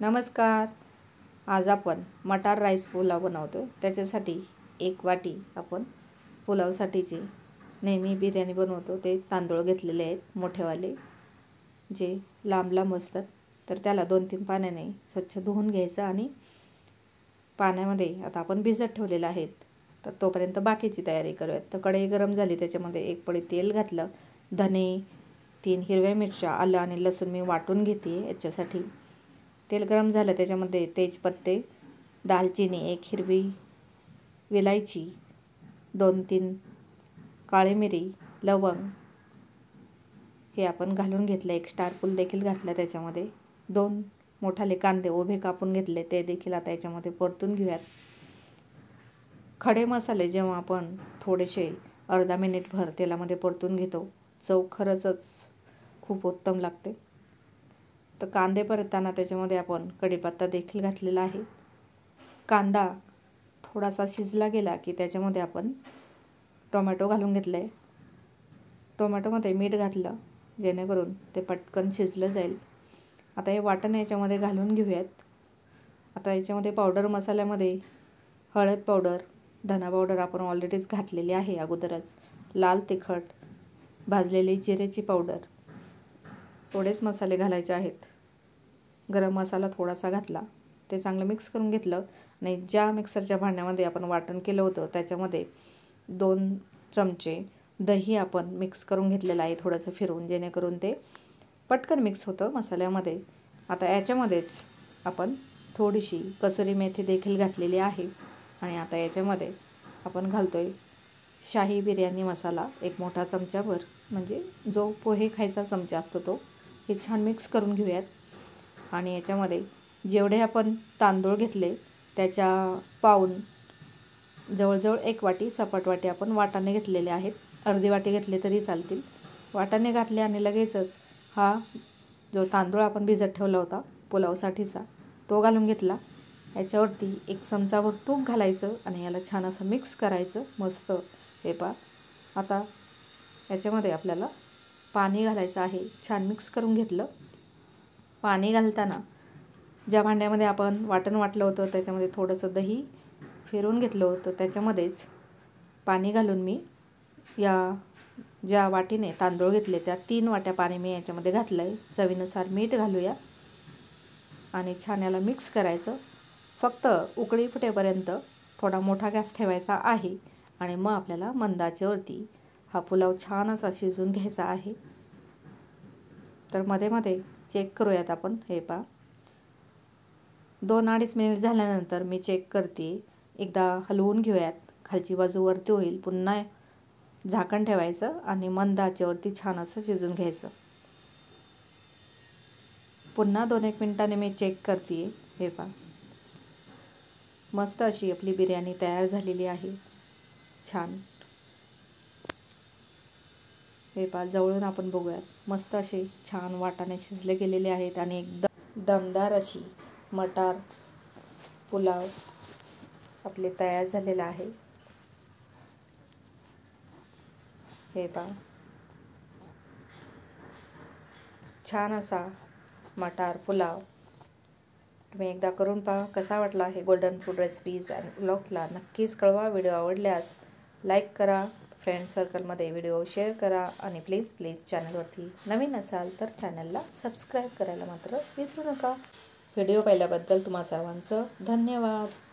नमस्कार आज आपण मटार राईस पुलाव बनवतो त्याच्यासाठी एक वाटी आपण पुलावसाठीचे नेहमी बिर्याणी बनवतो ते तांदूळ घेतलेले आहेत मोठेवाले जे लांब लांब असतात तर त्याला दोन तीन पाण्याने स्वच्छ धुवून घ्यायचं आणि पाण्यामध्ये आता आपण भिजत ठेवलेलं आहेत तर तोपर्यंत बाकीची तयारी करूयात तर कढई गरम झाली त्याच्यामध्ये एक पडी तेल घातलं धने तीन हिरव्या मिरच्या आलं आणि लसूण मी वाटून घेते याच्यासाठी तेल गरम झालं त्याच्यामध्ये तेजपत्ते दालचिनी एक हिरवी विलायची दोन तीन काळी मिरी लवंग हे आपण घालून घेतलं एक स्टार देखील घातलं त्याच्यामध्ये दोन मोठाले कांदे उभे कापून घेतले ते देखील आता याच्यामध्ये परतून घेऊयात खडे मसाले जेव्हा आपण थोडेसे अर्धा मिनिटभर तेलामध्ये परतून घेतो चव खरंच खूप उत्तम लागते तर कांदे परतताना त्याच्यामध्ये आपण कढीपत्ता देखील घातलेला आहे कांदा थोडासा शिजला गेला की त्याच्यामध्ये आपण टोमॅटो घालून घेतलं आहे टोमॅटोमध्ये मीठ घातलं जेणेकरून ते पटकन शिजलं जाईल आता हे वाटण याच्यामध्ये घालून घेऊयात आता याच्यामध्ये पावडर मसाल्यामध्ये हळद पावडर धना पावडर आपण ऑलरेडीच घातलेली आहे अगोदरच लाल तिखट भाजलेली जिऱ्याची पावडर थोडेच मसाले घालायचे आहेत गरम मसाला थोडासा घातला ते चांगलं मिक्स करून घेतलं आणि ज्या मिक्सरच्या भांड्यामध्ये आपण वाटण केलं होतं त्याच्यामध्ये दोन चमचे दही आपण मिक्स करून घेतलेलं आहे थोडंसं फिरवून जेणेकरून ते पटकन मिक्स होतं मसाल्यामध्ये आता याच्यामध्येच आपण थोडीशी कसुरी मेथी देखील घातलेली आहे आणि आता याच्यामध्ये आपण घालतो आहे शाही बिर्याणी मसाला एक मोठा चमचाभर म्हणजे जो पोहे खायचा चमचा असतो तो हे छान मिक्स करून घेऊयात आणि याच्यामध्ये जेवढे आपण तांदूळ घेतले त्याच्या पाऊन जवळजवळ एक वाटी सपाट वाटी आपण वाटाने घेतलेले आहेत अर्धी वाटी घेतले तरी चालतील वाटाने घातले आणि लगेचच हा जो तांदूळ आपण भिजत ठेवला होता पुलावसाठीचा तो घालून घेतला याच्यावरती एक चमचाभर तूप घालायचं आणि याला छान असं मिक्स करायचं मस्त हे पा आता याच्यामध्ये आपल्याला पाणी घालायचं आहे छान मिक्स करून घेतलं पाणी घालताना ज्या भांड्यामध्ये आपण वाटण वाटलं होतं त्याच्यामध्ये थोडंसं दही फिरवून घेतलं होतं त्याच्यामध्येच पाणी घालून मी या ज्या वाटीने तांदूळ घेतले त्या तीन वाट्या पाणी मी याच्यामध्ये घातलं आहे चवीनुसार मीठ घालूया आणि छान याला मिक्स करायचं फक्त उकळी फुटेपर्यंत थोडा मोठा गॅस ठेवायचा आहे आणि मग आपल्याला मंदाच्यावरती हा पुलाव छान असा शिजून घ्यायचा आहे तर मध्ये मध्ये चेक करूयात आपण हे पहा दोन अडीच मिनिट झाल्यानंतर मी चेक करते एकदा हलवून घेऊयात खालची बाजू वरती होईल पुन्हा झाकण ठेवायचं आणि मंद आचेवरती छान असं शिजून घ्यायचं पुन्हा दोन एक मिनिटाने मी चेक करते हे पा मस्त अशी आपली बिर्याणी तयार झालेली आहे छान हे पहा जवळून आपण बघूयात मस्त असे छान वाटाने शिजले गेलेले आहेत आणि एकदम दमदार अशी मटार पुलाव आपले तयार झालेला आहे हे पहा छान असा मटार पुलाव तुम्ही एकदा करून पहा कसा वाटला हे गोल्डन फूड रेसिपीज आणि ब्लॉगला नक्कीच कळवा व्हिडिओ आवडल्यास लाईक करा फ्रेंड सर्कलमध्ये व्हिडिओ शेअर करा आणि प्लीज प्लीज चॅनलवरती नवीन असाल तर चॅनलला सबस्क्राईब करायला मात्र विसरू नका व्हिडिओ पाहिल्याबद्दल तुम्हा सर्वांचं धन्यवाद